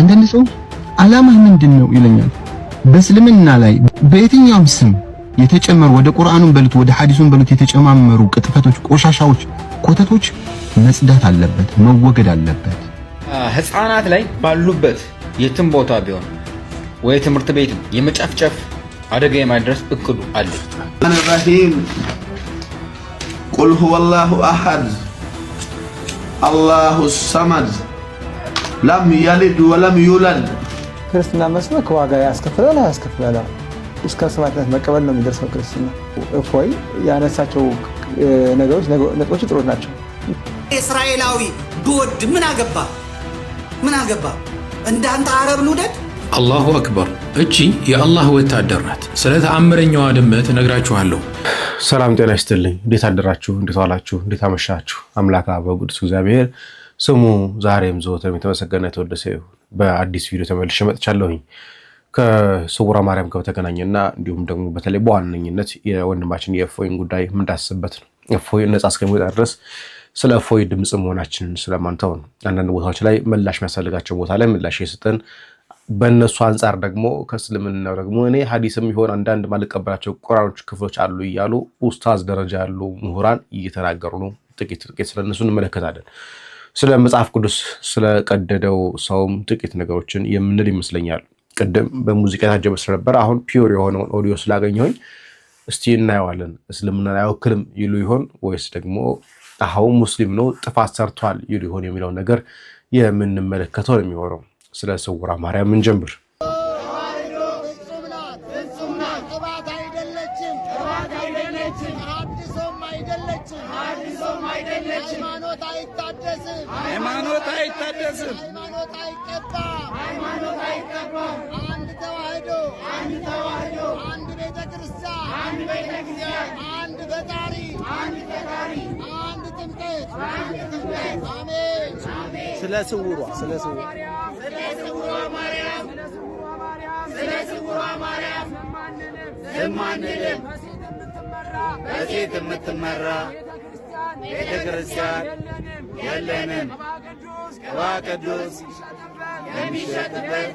አንዳንድ ሰው ዓላማህ ምንድን ነው ይለኛል። በእስልምና ላይ በየትኛውም ስም የተጨመሩ ወደ ቁርአኑን በሉት ወደ ሐዲሱን በሉት የተጨማመሩ ቅጥፈቶች፣ ቆሻሻዎች፣ ኮተቶች መጽዳት አለበት፣ መወገድ አለበት። ህፃናት ላይ ባሉበት የትም ቦታ ቢሆን ወይ ትምህርት ቤት የመጨፍጨፍ አደጋ የማድረስ እቅዱ አለ። አንራሂም ቁል ሁወላሁ አሐድ አላሁ ሰመድ ላም ያልድ ወላም ይውላድ። ክርስትና መስበክ ዋጋ ያስከፍላል አያስከፍላል? እስከ ሰማዕትነት መቀበል ነው የሚደርሰው ክርስትና። እፎይ ያነሳቸው ነገሮች ነጥቦች ጥሩ ናቸው። እስራኤላዊ ብወድ ምን አገባ ምን አገባ፣ እንዳንተ አረብ ልውደድ። አላሁ አክበር። እቺ የአላህ ወታደር ናት። ስለ ተአምረኛዋ ድመት ነግራችኋለሁ። ሰላም ጤና ይስጥልኝ። እንዴት አደራችሁ? እንዴት ዋላችሁ? እንዴት አመሻችሁ? አምላካ በቅዱስ እግዚአብሔር ስሙ ዛሬም ዘወትርም የተመሰገነ የተወደሰ ይሁን። በአዲስ ቪዲዮ ተመልሼ መጥቻለሁኝ ከስውሯ ማርያም ጋር በተገናኘና እንዲሁም ደግሞ በተለይ በዋነኝነት የወንድማችን የእፎይን ጉዳይ የምንዳስበት ነው። እፎይ ነጻ እስከሚወጣ ድረስ ስለ እፎይ ድምፅ መሆናችንን ስለማንተው ነው። አንዳንድ ቦታዎች ላይ ምላሽ የሚያስፈልጋቸው ቦታ ላይ ምላሽ የሰጠን በእነሱ አንጻር ደግሞ ከእስልምናው ደግሞ እኔ ሀዲስም ይሆን አንዳንድ ማልቀበላቸው ቁራኖች ክፍሎች አሉ እያሉ ኡስታዝ ደረጃ ያሉ ምሁራን እየተናገሩ ነው። ጥቂት ጥቂት ስለነሱ እንመለከታለን። ስለ መጽሐፍ ቅዱስ ስለቀደደው ሰውም ጥቂት ነገሮችን የምንል ይመስለኛል። ቅድም በሙዚቃ የታጀበ ስለነበረ አሁን ፒዮር የሆነውን ኦዲዮ ስላገኘሁኝ እስቲ እናየዋለን። እስልምናን አይወክልም ይሉ ይሆን ወይስ ደግሞ አሀው ሙስሊም ነው ጥፋት ሰርቷል ይሉ ይሆን የሚለው ነገር የምንመለከተው ነው የሚሆነው። ስለ ስውራ ማርያም እንጀምር። ስለ ስውሯ ስለ ስውሯ ማርያም ዘማንልም በሴት የምትመራ ቤተ ክርስቲያን የለንም። ቅባ ቅዱስ የሚሸጥበት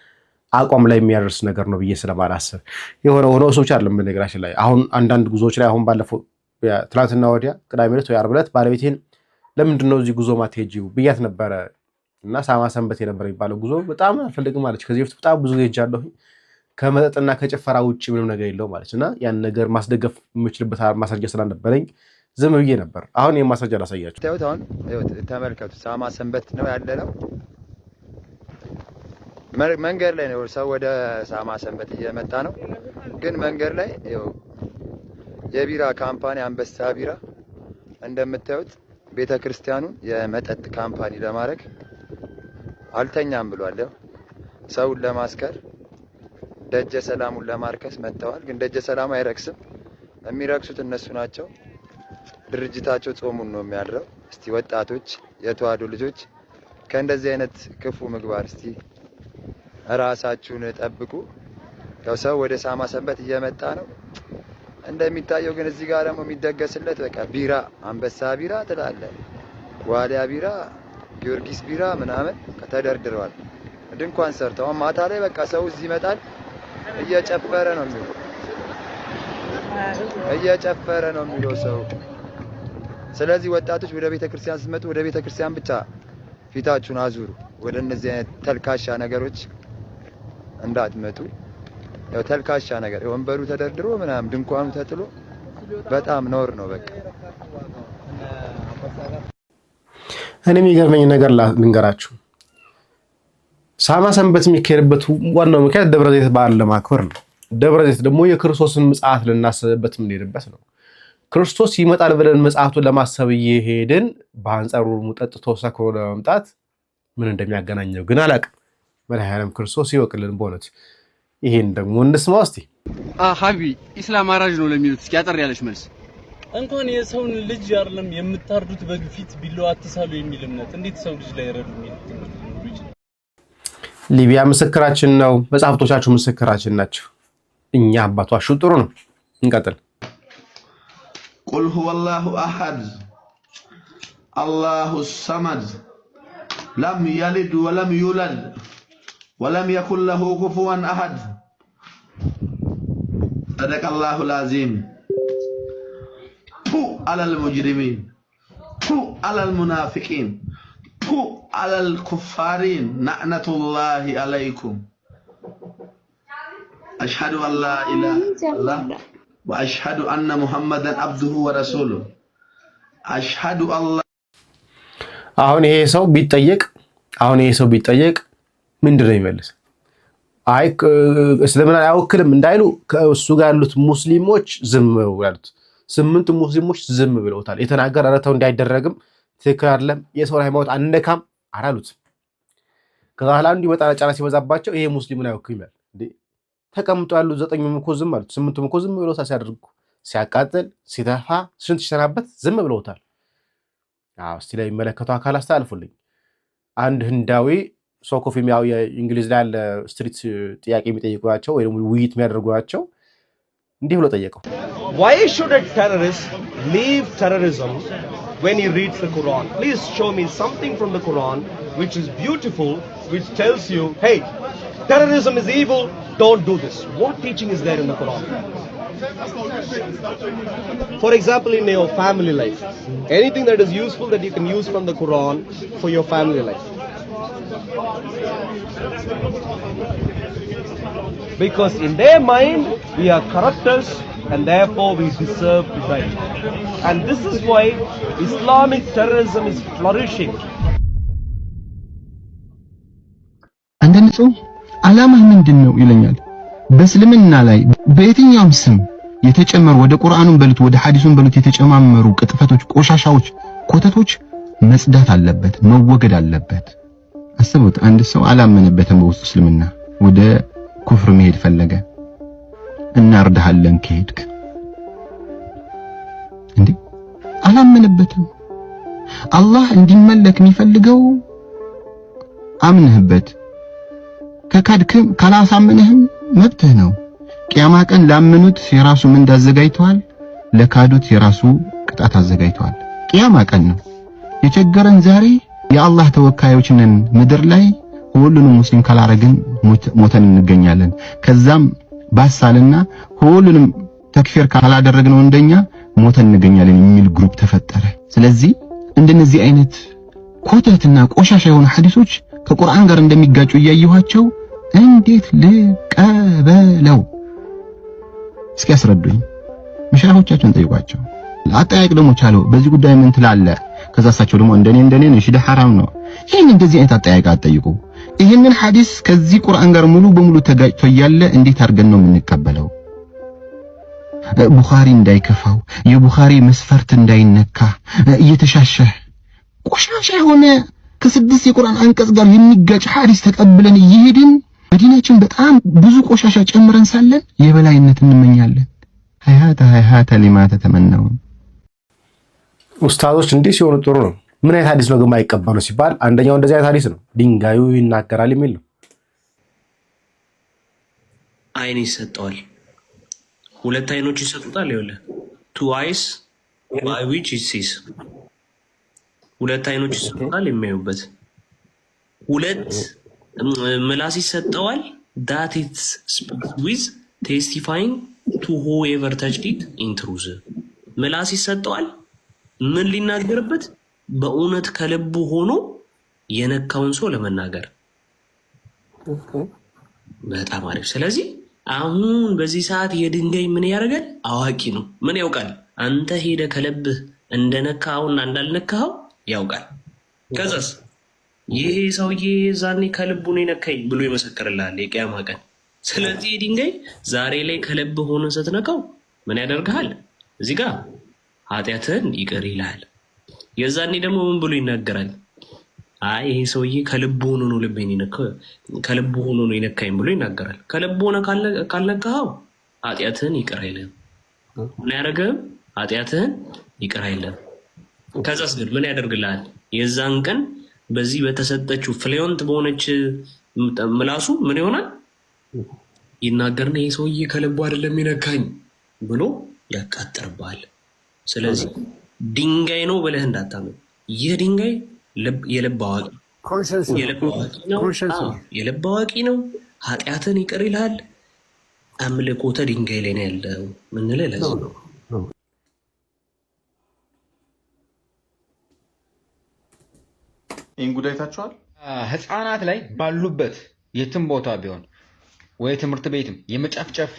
አቋም ላይ የሚያደርስ ነገር ነው ብዬ ስለማላስብ የሆነ ሆኖ እሶች አለ በነገራችን ላይ አሁን አንዳንድ ጉዞዎች ላይ አሁን ባለፈው ትናንትና ወዲያ ቅዳሜ ዕለት ወይ ዓርብ ዕለት ባለቤቴን ለምንድን ነው እዚህ ጉዞ ማትሄጂው ብያት ነበረ። እና ሳማ ሰንበት የነበረ የሚባለው ጉዞ በጣም አልፈልግም አለች። ከዚህ በፊት በጣም ብዙ ሄጃለሁ። ከመጠጥና ከጭፈራ ውጭ ምንም ነገር የለው አለች። እና ያን ነገር ማስደገፍ የምችልበት ማስረጃ ስላልነበረኝ ዝም ብዬ ነበር። አሁን ይህ ማስረጃ ላሳያቸው። ተመልከቱ። ሳማ ሰንበት ነው ያለ ነው መንገድ ላይ ነው ሰው ወደ ሳማ ሰንበት እየመጣ ነው። ግን መንገድ ላይ የቢራ ካምፓኒ አንበሳ ቢራ እንደምታዩት ቤተ ክርስቲያኑን የመጠጥ ካምፓኒ ለማድረግ አልተኛም ብሏል። ያው ሰውን ለማስከር ደጀ ሰላሙን ለማርከስ መጥተዋል። ግን ደጀ ሰላሙ አይረክስም። የሚረክሱት እነሱ ናቸው። ድርጅታቸው ጾሙን ነው የሚያድረው። እስቲ ወጣቶች የተዋህዶ ልጆች ከእንደዚህ አይነት ክፉ ምግባር እስቲ ራሳችሁን ጠብቁ። ያው ሰው ወደ ሳማ ሰንበት እየመጣ ነው እንደሚታየው። ግን እዚህ ጋር ደግሞ የሚደገስለት በቃ ቢራ፣ አንበሳ ቢራ ትላለ፣ ዋሊያ ቢራ፣ ጊዮርጊስ ቢራ ምናምን ተደርድረዋል። ድንኳን ሰርተው ማታ ላይ በቃ ሰው እዚህ ይመጣል። እየጨፈረ ነው የሚለው እየጨፈረ ነው የሚለው ሰው። ስለዚህ ወጣቶች ወደ ቤተክርስቲያን ስትመጡ ወደ ቤተክርስቲያን ብቻ ፊታችሁን አዙሩ። ወደ እነዚህ አይነት ተልካሻ ነገሮች እንዳትመጡ። ያው ተልካሻ ነገር ወንበሩ ተደርድሮ ምናምን ድንኳኑ ተጥሎ በጣም ኖር ነው። በቃ እኔ የሚገርመኝ ነገር ልንገራችሁ። ሳማ ሰንበት የሚካሄድበት ዋናው ምክንያት ደብረ ዘይት በዓል ለማክበር ነው። ደብረ ዘይት ደግሞ የክርስቶስን ምጽአት ልናስብበት የምንሄድበት ነው። ክርስቶስ ይመጣል ብለን ምጽአቱን ለማሰብ እየሄድን በአንጻሩ ጠጥቶ ሰክሮ ለመምጣት ምን እንደሚያገናኘው ግን አላቅም። መድኃኒዓለም ክርስቶስ ይወቅልን። በእውነት ይሄን ደግሞ እንስማ እስቲ። ሀቢ ኢስላም አራጅ ነው ለሚሉት እስኪ አጠር ያለች መልስ። እንኳን የሰውን ልጅ አይደለም የምታርዱት በግፊት ቢለው አትሳሉ የሚል እምነት እንዴት ሰው ልጅ ላይ ረዱ ሊቢያ ምስክራችን ነው። መጽሐፍቶቻችሁ ምስክራችን ናቸው። እኛ አባቷሹ ጥሩ ነው። እንቀጥል። ቁል ሁወላሁ አሐድ አላሁ ሰመድ لم يلد ولم يولد ولم يكن له كفوا أحد صدق الله العظيم فو على المجرمين فو على المنافقين فو على الكفارين نعنة الله عليكم أشهد أن لا إله إلا الله وأشهد أن محمدا عبده ورسوله أشهد الله አሁን ይሄ ሰው ቢጠየቅ አሁን ይሄ ሰው ቢጠየቅ ምንድን ነው የሚመልስ? አይ እስልምና አይወክልም እንዳይሉ ከእሱ ጋር ያሉት ሙስሊሞች ዝም ያሉት ስምንት ሙስሊሞች ዝም ብለውታል። የተናገር አረተው እንዳይደረግም ትክክል አይደለም፣ የሰውን ሃይማኖት አንነካም አላሉትም። ከዛ ኋላ እንዲህ መጣላ ጫና ሲበዛባቸው ይሄ ሙስሊሙን አይወክልም ይላል። ተቀምጦ ያሉት ዘጠኙም እኮ ዝም አሉት፣ ስምንቱም እኮ ዝም ብለውታል። ሲያደርጉ ሲያቃጥል፣ ሲተፋ፣ ስንት ሲሰናበት ዝም ብለውታል። Why should a terrorist leave terrorism when he reads the Quran. Please show me something from the Quran which is beautiful, which tells you, hey, terrorism is evil, don't do this. What teaching is there in the Quran? For example, in your family life, anything that is useful that you can use from the Quran for your family life. Because in their mind, we are corrupters and therefore we deserve to die. And this is why Islamic terrorism is flourishing. አንዳንድ ሰው ዓላማህ ምንድን ይለኛል። በእስልምና ላይ በየትኛውም ስም የተጨመሩ ወደ ቁርአኑን በሉት ወደ ሐዲሱን በሉት የተጨማመሩ ቅጥፈቶች፣ ቆሻሻዎች፣ ኮተቶች መጽዳት አለበት፣ መወገድ አለበት። አስቡት፣ አንድ ሰው አላመነበትም በውስጡ እስልምና ወደ ኩፍር መሄድ ፈለገ። እናርዳሃለን ከሄድክ እንዴ አላመነበትም። አላህ እንዲመለክ የሚፈልገው አምንህበት። ከካድክም ካላሳምንህም መብትህ ነው። ቅያማ ቀን ላመኑት የራሱ ምንድ አዘጋጅተዋል፣ ለካዱት የራሱ ቅጣት አዘጋጅተዋል። ቂያማ ቀን ነው የቸገረን ዛሬ። የአላህ ተወካዮች ነን ምድር ላይ ሁሉንም ሙስሊም ካላረግን ሞተን እንገኛለን። ከዛም ባሳልና ሁሉንም ተክፊር ካላደረግነው እንደኛ ሞተን እንገኛለን የሚል ግሩፕ ተፈጠረ። ስለዚህ እንደነዚህ አይነት ኮተትና ቆሻሻ የሆኑ ሐዲሶች ከቁርአን ጋር እንደሚጋጩ እያየኋቸው እንዴት ልቀበለው? እስኪ አስረዱኝ፣ መሻይኾቻቸውን ጠይቋቸው። አጠያይቅ ደግሞ ቻለው በዚህ ጉዳይ ምን ትላለ? ከዛ እሳቸው ደግሞ እንደኔ እንደኔ ነው ሽደ ሐራም ነው። ይሄን እንደዚህ አይነት አጠያይቅ አጠይቁ ይህንን ሐዲስ ከዚህ ቁርአን ጋር ሙሉ በሙሉ ተጋጭቶ እያለ እንዴት አድርገን ነው የምንቀበለው? ቡኻሪ እንዳይከፋው የቡኻሪ መስፈርት እንዳይነካ እየተሻሸህ ቆሻሻ የሆነ ከስድስት የቁርአን አንቀጽ ጋር የሚጋጭ ሐዲስ ተቀብለን እየሄድን በዲናችን በጣም ብዙ ቆሻሻ ጨምረን ሳለን የበላይነት እንመኛለን። ሀያተ ሀያተ ሊማተ ተመናው ኡስታዞች እንዲህ ሲሆኑ ጥሩ ነው። ምን አይነት ሀዲስ ነው ግን የማይቀበሉ ሲባል አንደኛው እንደዚህ አይነት ሀዲስ ነው ድንጋዩ ይናገራል የሚል ነው። አይን ይሰጠዋል፣ ሁለት አይኖች ይሰጡታል። ይኸውልህ ቱ አይስ ባይ ዊች ሲስ ሁለት አይኖች ይሰጡታል የሚያዩበት ሁለት ምላስ ይሰጠዋል። ዳት ኢትስ ዊዝ ቴስቲፋይንግ ቱ ሆኤቨር ተችዲት ኢንትሩዝ ምላስ ይሰጠዋል። ምን ሊናገርበት በእውነት ከልቡ ሆኖ የነካውን ሰው ለመናገር በጣም አሪፍ። ስለዚህ አሁን በዚህ ሰዓት የድንጋይ ምን ያደርጋል? አዋቂ ነው። ምን ያውቃል? አንተ ሄደ ከልብህ እንደነካኸውና እንዳልነካኸው ያውቃል። ከዛስ ይሄ ሰውዬ ዛኔ ከልቡ ነው የነካኝ ብሎ ይመሰክርልሃል የቅያማ ቀን። ስለዚህ ድንጋይ ዛሬ ላይ ከልብ ሆነ ስትነካው ምን ያደርግሃል? እዚህ ጋር ኃጢአትህን ይቅር ይልሃል። የዛኔ ደግሞ ምን ብሎ ይናገራል? አይ ይሄ ሰውዬ ከልብ ሆኖ ነው ልቤን ከልብ ሆኖ ነው የነካኝ ብሎ ይናገራል። ከልብ ሆነ ካልነካኸው ኃጢአትህን ይቅር አይልህም። ምን ያደርግህም? ኃጢአትህን ይቅር አይልህም። ከዛስ ግን ምን ያደርግልሃል? የዛን ቀን በዚህ በተሰጠችው ፍሌዮንት በሆነች ምላሱ ምን ይሆናል ይናገርና ይህ ሰውዬ ከልቡ አይደለም ይነካኝ ብሎ ያቃጥርባል። ስለዚህ ድንጋይ ነው ብለህ እንዳታምን። ይህ ድንጋይ የልብ አዋቂ የልብ አዋቂ ነው። ኃጢአትን ይቅር ይልሃል። አምልኮተ ድንጋይ ላይ ነው ያለው ምንለ ለዚህ ነው ይህን ጉዳይ ታችኋል። ህፃናት ላይ ባሉበት የትም ቦታ ቢሆን ወይ ትምህርት ቤትም የመጨፍጨፍ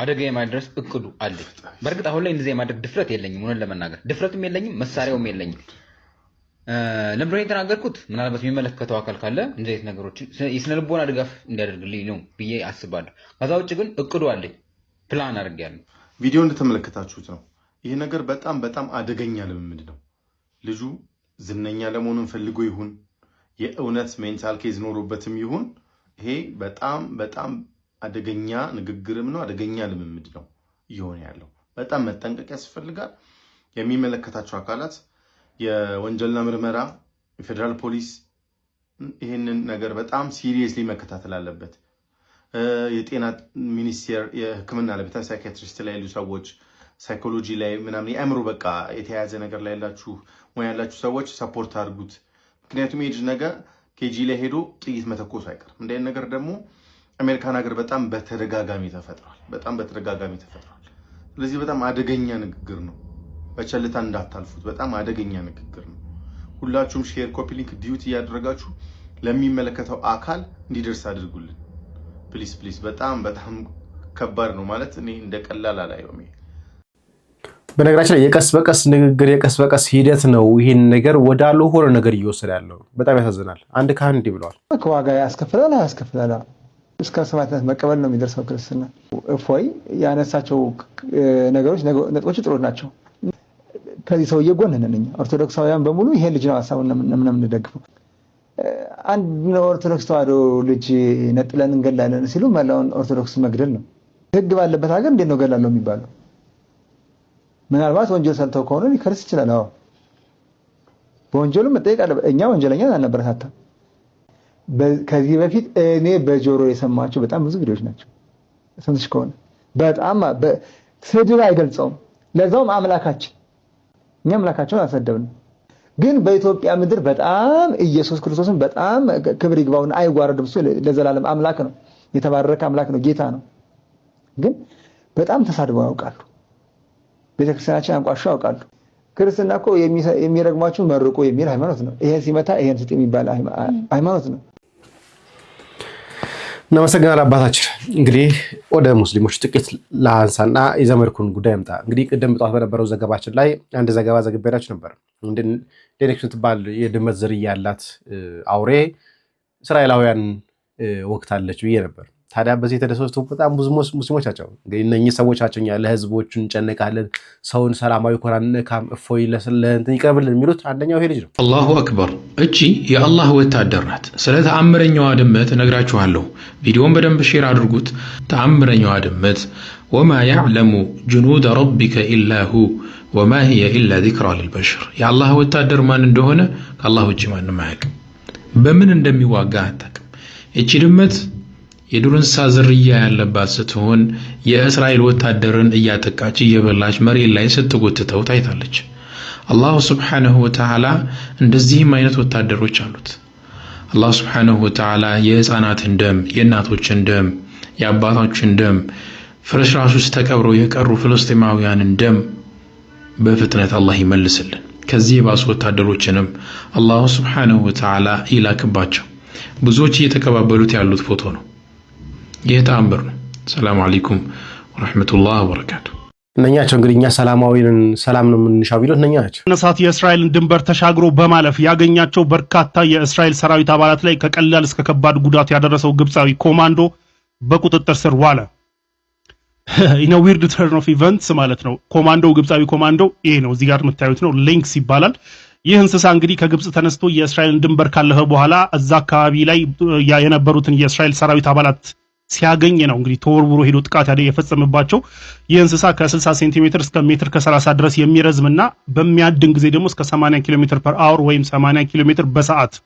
አደጋ የማድረስ እቅዱ አለኝ። በእርግጥ አሁን ላይ እንደዚህ የማድረግ ድፍረት የለኝም፣ ሆነን ለመናገር ድፍረትም የለኝም፣ መሳሪያውም የለኝም። ለምንድን የተናገርኩት? ምናልባት የሚመለከተው አካል ካለ እንደዚህ ዓይነት ነገሮችን የስነ ልቦና ድጋፍ እንዲያደርግልኝ ነው ብዬ አስባለሁ። ከዛ ውጭ ግን እቅዱ አለኝ፣ ፕላን አድርጌያለሁ። ቪዲዮ እንደተመለከታችሁት ነው። ይህ ነገር በጣም በጣም አደገኛ ልምምድ ነው። ልጁ ዝነኛ ለመሆኑን ፈልጎ ይሁን የእውነት ሜንታል ኬዝ ኖሮበትም ይሁን ይሄ በጣም በጣም አደገኛ ንግግርም ነው፣ አደገኛ ልምምድ ነው እየሆነ ያለው። በጣም መጠንቀቅ ያስፈልጋል። የሚመለከታቸው አካላት የወንጀልና ምርመራ የፌዴራል ፖሊስ ይህንን ነገር በጣም ሲሪየስሊ መከታተል አለበት። የጤና ሚኒስቴር የሕክምና ለቤታ ሳይካትሪስት ላይ ያሉ ሰዎች ሳይኮሎጂ ላይ ምናምን የአእምሮ በቃ የተያያዘ ነገር ላይ ያላችሁ ወይ ያላችሁ ሰዎች ሰፖርት አድርጉት። ምክንያቱም የልጅ ነገር ኬጂ ላይ ሄዶ ጥይት መተኮሱ አይቀርም። እንደ ነገር ደግሞ አሜሪካን ሀገር በጣም በተደጋጋሚ ተፈጥሯል፣ በጣም በተደጋጋሚ ተፈጥሯል። ስለዚህ በጣም አደገኛ ንግግር ነው። በቸልታ እንዳታልፉት። በጣም አደገኛ ንግግር ነው። ሁላችሁም ሼር፣ ኮፒ ሊንክ፣ ዲዩት እያደረጋችሁ ለሚመለከተው አካል እንዲደርስ አድርጉልን ፕሊስ ፕሊስ። በጣም በጣም ከባድ ነው ማለት እኔ እንደ ቀላል አላየውም። በነገራችን ላይ የቀስ በቀስ ንግግር የቀስ በቀስ ሂደት ነው። ይህን ነገር ሆነ ነገር እየወሰደ ያለው በጣም ያሳዝናል። አንድ ካህን እንዲህ ብለዋል። ከዋጋ ያስከፍላል ያስከፍላል እስከ ሰማዕትነት መቀበል ነው የሚደርሰው ክርስትና። እፎይ ያነሳቸው ነገሮች ነጥቦች ጥሩ ናቸው። ከዚህ ሰውዬ ጎን ነን እኛ ኦርቶዶክሳውያን በሙሉ ይሄን ልጅ ነው ሀሳቡን የምንደግፈው። አንድ ኦርቶዶክስ ተዋህዶ ልጅ ነጥለን እንገላለን ሲሉ መላውን ኦርቶዶክስ መግደል ነው። ህግ ባለበት ሀገር እንዴት ነው ገላለው የሚባለው? ምናልባት ወንጀል ሰርተው ከሆነ ሊከርስ ይችላል። አዎ በወንጀሉ መጠየቅ አለበት። እኛ ወንጀለኛ አናበረታታም። ከዚህ በፊት እኔ በጆሮ የሰማቸው በጣም ብዙ ቪዲዮዎች ናቸው። ሰምተሽ ከሆነ በጣም ስድብ አይገልጸውም። ለዛውም አምላካችን እኛ አምላካቸውን አልሰደብንም። ግን በኢትዮጵያ ምድር በጣም ኢየሱስ ክርስቶስን በጣም ክብር ይግባውን አይዋረድም። እሱ ለዘላለም አምላክ ነው፣ የተባረከ አምላክ ነው፣ ጌታ ነው። ግን በጣም ተሳድበው ያውቃሉ። ቤተክርስቲያናችን አንቋሾ ያውቃሉ። ክርስትና እኮ የሚረግሟችሁ መርቁ የሚል ሃይማኖት ነው። ይሄን ሲመታ ይሄን ስጥ የሚባል ሃይማኖት ነው። እናመሰግናል አባታችን። እንግዲህ ወደ ሙስሊሞች ጥቂት ለአንሳና የዘመድኩን ጉዳይ ምጣ። እንግዲህ ቅድም ጠዋት በነበረው ዘገባችን ላይ አንድ ዘገባ ዘግቤላችሁ ነበር። ሌኔክስ የምትባል የድመት ዝርያ ያላት አውሬ እስራኤላውያን ወቅታለች ብዬ ነበር። ታዲያ በዚህ የተደሰቱ በጣም ብዙ ሙስሊሞች ናቸው። እንግዲህ እነኚህ ሰዎች ናቸው እኛ ለህዝቦቹ እንጨነቃለን፣ ሰውን ሰላማዊ ኮራ ንካም እፎይ ለእንትን ይቀርብልን የሚሉት አንደኛው ይሄ ልጅ ነው። አላሁ አክበር። እቺ የአላህ ወታደር ናት። ስለ ተአምረኛዋ ድመት ነግራችኋለሁ። ቪዲዮን በደንብ ሼር አድርጉት። ተአምረኛዋ ድመት ወማ ያዕለሙ ጅኑድ ረቢከ ኢላ ሁ ወማ ሂየ ኢላ ዚክራ ልልበሽር። የአላህ ወታደር ማን እንደሆነ ከአላህ ውጭ ማንም አያውቅም። በምን እንደሚዋጋ አታውቅም። እቺ ድመት የዱር እንስሳ ዝርያ ያለባት ስትሆን የእስራኤል ወታደርን እያጠቃች እየበላች መሬት ላይ ስትጎትተው ታይታለች። አላሁ ስብሓንሁ ወተዓላ እንደዚህም አይነት ወታደሮች አሉት። አላሁ ስብሓንሁ ወተዓላ የሕፃናትን ደም፣ የእናቶችን ደም፣ የአባቶችን ደም፣ ፍርስራሽ ውስጥ ተቀብረው የቀሩ ፍልስጤማውያንን ደም በፍጥነት አላህ ይመልስልን። ከዚህ የባሱ ወታደሮችንም አላሁ ስብሓንሁ ወተዓላ ይላክባቸው። ብዙዎች እየተቀባበሉት ያሉት ፎቶ ነው። ይህ ተአምር ነው። ሰላም አለይኩም ወረሕመቱላህ ወበረካቱ። እነኛቸው እንግዲህ እኛ ሰላማዊን ሰላም ነው የምንሻው ቢሎት እነኛ ናቸው። ነሳት የእስራኤልን ድንበር ተሻግሮ በማለፍ ያገኛቸው በርካታ የእስራኤል ሰራዊት አባላት ላይ ከቀላል እስከ ከባድ ጉዳት ያደረሰው ግብፃዊ ኮማንዶ በቁጥጥር ስር ዋለ። ኢነ ዊርድ ተርን ኦፍ ኢቨንትስ ማለት ነው። ኮማንዶ ግብፃዊ ኮማንዶ ይሄ ነው፣ እዚህ ጋር የምታዩት ነው። ሊንክስ ይባላል። ይህ እንስሳ እንግዲህ ከግብፅ ተነስቶ የእስራኤልን ድንበር ካለፈ በኋላ እዛ አካባቢ ላይ የነበሩትን የእስራኤል ሰራዊት አባላት ሲያገኝ ነው እንግዲህ ተወርውሮ ሄዶ ጥቃት ያደ የፈጸመባቸው ይህ እንስሳ ከ60 ሴንቲሜትር እስከ ሜትር ከ30 ድረስ የሚረዝምና በሚያድን ጊዜ ደግሞ እስከ 80 ኪሎ ሜትር ፐር አወር ወይም 80 ኪሎ ሜትር በሰዓት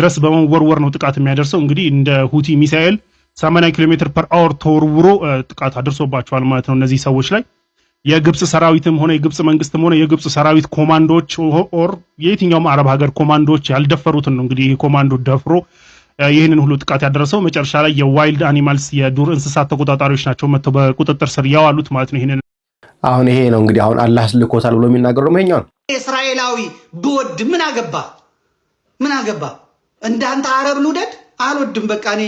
ድረስ በመወርወር ነው ጥቃት የሚያደርሰው። እንግዲህ እንደ ሁቲ ሚሳኤል 80 ኪሎ ሜትር ፐር አወር ተወርውሮ ጥቃት አድርሶባቸዋል ማለት ነው እነዚህ ሰዎች ላይ የግብፅ ሰራዊትም ሆነ የግብፅ መንግስትም ሆነ የግብፅ ሰራዊት ኮማንዶዎች ኦር የትኛውም አረብ ሀገር ኮማንዶዎች ያልደፈሩትን ነው እንግዲህ ይህ ኮማንዶ ደፍሮ ይህንን ሁሉ ጥቃት ያደረሰው መጨረሻ ላይ የዋይልድ አኒማልስ የዱር እንስሳት ተቆጣጣሪዎች ናቸው መጥተው በቁጥጥር ስር ያዋሉት ማለት ነው። ይህንን አሁን ይሄ ነው እንግዲህ አሁን አላህ ልኮታል ብሎ የሚናገረው ነው። ይሄኛው እስራኤላዊ ብወድ ምን አገባ ምን አገባ? እንዳንተ አረብ ልውደድ አልወድም። በቃ እኔ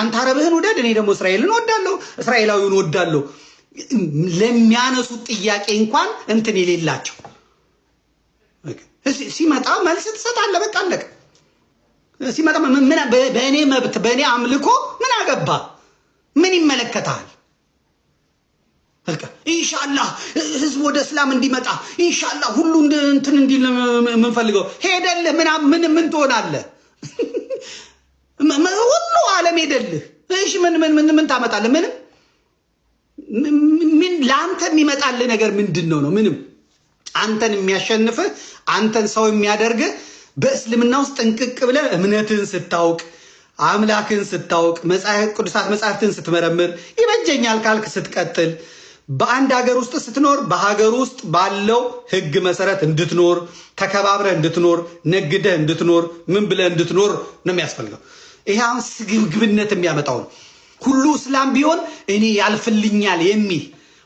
አንተ አረብህን ውደድ፣ እኔ ደግሞ እስራኤልን ወዳለሁ፣ እስራኤላዊውን ወዳለሁ። ለሚያነሱት ጥያቄ እንኳን እንትን የሌላቸው ሲመጣ መልስ ትሰጣለህ። በቃ አለቀ። ሲመጣ በእኔ መብት በእኔ አምልኮ ምን አገባ? ምን ይመለከታል? ኢንሻላህ ህዝብ ወደ እስላም እንዲመጣ ኢንሻላህ ሁሉ እንትን እንዲል የምንፈልገው ሄደልህ ምን ምን ትሆናለህ? ሁሉ አለም ሄደልህ። እሺ ምን ምን ምን ምን ታመጣለህ? ምንም ምን ለአንተ የሚመጣልህ ነገር ምንድን ነው ነው? ምንም አንተን የሚያሸንፍህ አንተን ሰው የሚያደርግህ በእስልምና ውስጥ ጥንቅቅ ብለ እምነትን ስታውቅ አምላክን ስታውቅ ቅዱሳት መጽሐፍትን ስትመረምር ይበጀኛል ካልክ ስትቀጥል በአንድ ሀገር ውስጥ ስትኖር በሀገር ውስጥ ባለው ሕግ መሰረት እንድትኖር ተከባብረህ እንድትኖር ነግደህ እንድትኖር ምን ብለህ እንድትኖር ነው የሚያስፈልገው። ይህ አሁን ስግብግብነት የሚያመጣው ነው። ሁሉ እስላም ቢሆን እኔ ያልፍልኛል የሚል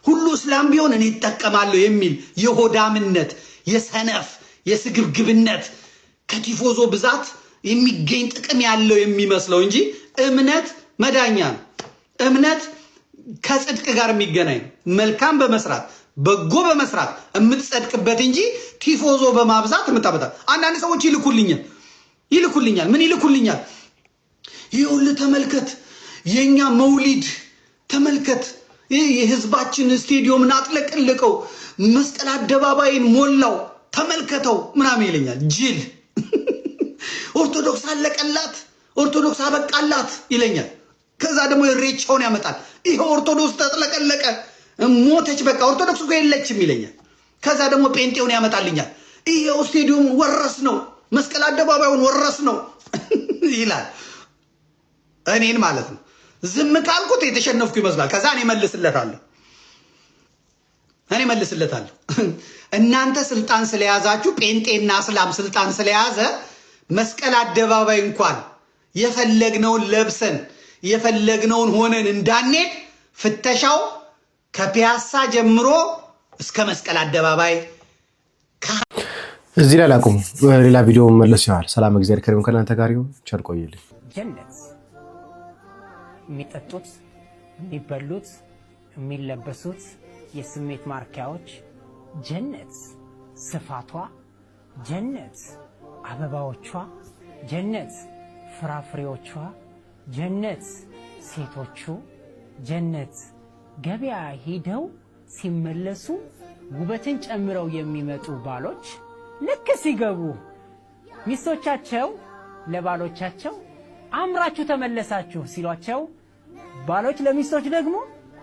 ሁሉ እስላም ቢሆን እኔ ይጠቀማለሁ የሚል የሆዳምነት፣ የሰነፍ፣ የስግብግብነት ከቲፎዞ ብዛት የሚገኝ ጥቅም ያለው የሚመስለው እንጂ እምነት መዳኛ ነው። እምነት ከጽድቅ ጋር የሚገናኝ መልካም በመስራት በጎ በመስራት የምትጸድቅበት እንጂ ቲፎዞ በማብዛት የምታበታት። አንዳንድ ሰዎች ይልኩልኛል ይልኩልኛል ምን ይልኩልኛል፣ ይኸውልህ ተመልከት፣ የእኛ መውሊድ ተመልከት፣ የህዝባችን ስቴዲየምን አጥለቅልቀው መስቀል አደባባይን ሞላው ተመልከተው ምናምን ይለኛል ጅል ኦርቶዶክስ አለቀላት፣ ኦርቶዶክስ አበቃላት ይለኛል። ከዛ ደግሞ የሬቻውን ያመጣል። ይሄ ኦርቶዶክስ ተጥለቀለቀ፣ ሞተች፣ በቃ ኦርቶዶክስ እኮ የለችም ይለኛል። ከዛ ደግሞ ጴንጤውን ያመጣልኛል። ይሄው ስቴዲየሙን ወረስ ነው፣ መስቀል አደባባዩን ወረስ ነው ይላል። እኔን ማለት ነው። ዝም ካልኩት የተሸነፍኩ ይመስላል። ከዛ እኔ መልስለታለሁ። እኔ መልስለታለሁ። እናንተ ስልጣን ስለያዛችሁ ጴንጤና ስላም ስልጣን ስለያዘ መስቀል አደባባይ እንኳን የፈለግነውን ለብሰን የፈለግነውን ሆነን እንዳንሄድ ፍተሻው ከፒያሳ ጀምሮ እስከ መስቀል አደባባይ። እዚህ ላይ ላቁም፣ ሌላ ቪዲዮ መለስ ይሆናል። ሰላም፣ እግዚአብሔር ከሪም ከእናንተ ጋር ይሁን። ቸር ቆየልኝ። ጀነት የሚጠጡት የሚበሉት የሚለበሱት የስሜት ማርኪያዎች ጀነት፣ ስፋቷ ጀነት፣ አበባዎቿ ጀነት፣ ፍራፍሬዎቿ ጀነት፣ ሴቶቹ ጀነት፣ ገበያ ሄደው ሲመለሱ ውበትን ጨምረው የሚመጡ ባሎች ልክ ሲገቡ ሚስቶቻቸው ለባሎቻቸው አምራችሁ ተመለሳችሁ ሲሏቸው ባሎች ለሚስቶች ደግሞ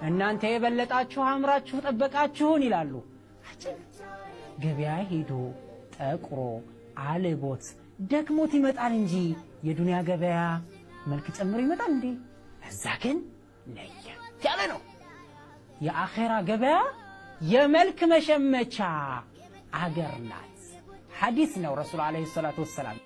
እናንተ የበለጣችሁ አምራችሁ ጠበቃችሁን ይላሉ። ገበያ ሄዶ ጠቁሮ አልቦት ደክሞት ይመጣል እንጂ የዱንያ ገበያ መልክ ጨምሮ ይመጣል እንዴ? እዛ ግን ለየት ያለ ነው። የአኼራ ገበያ የመልክ መሸመቻ አገር ናት። ሐዲስ ነው ረሱል ዓለይሂ ሰላቱ ወሰላም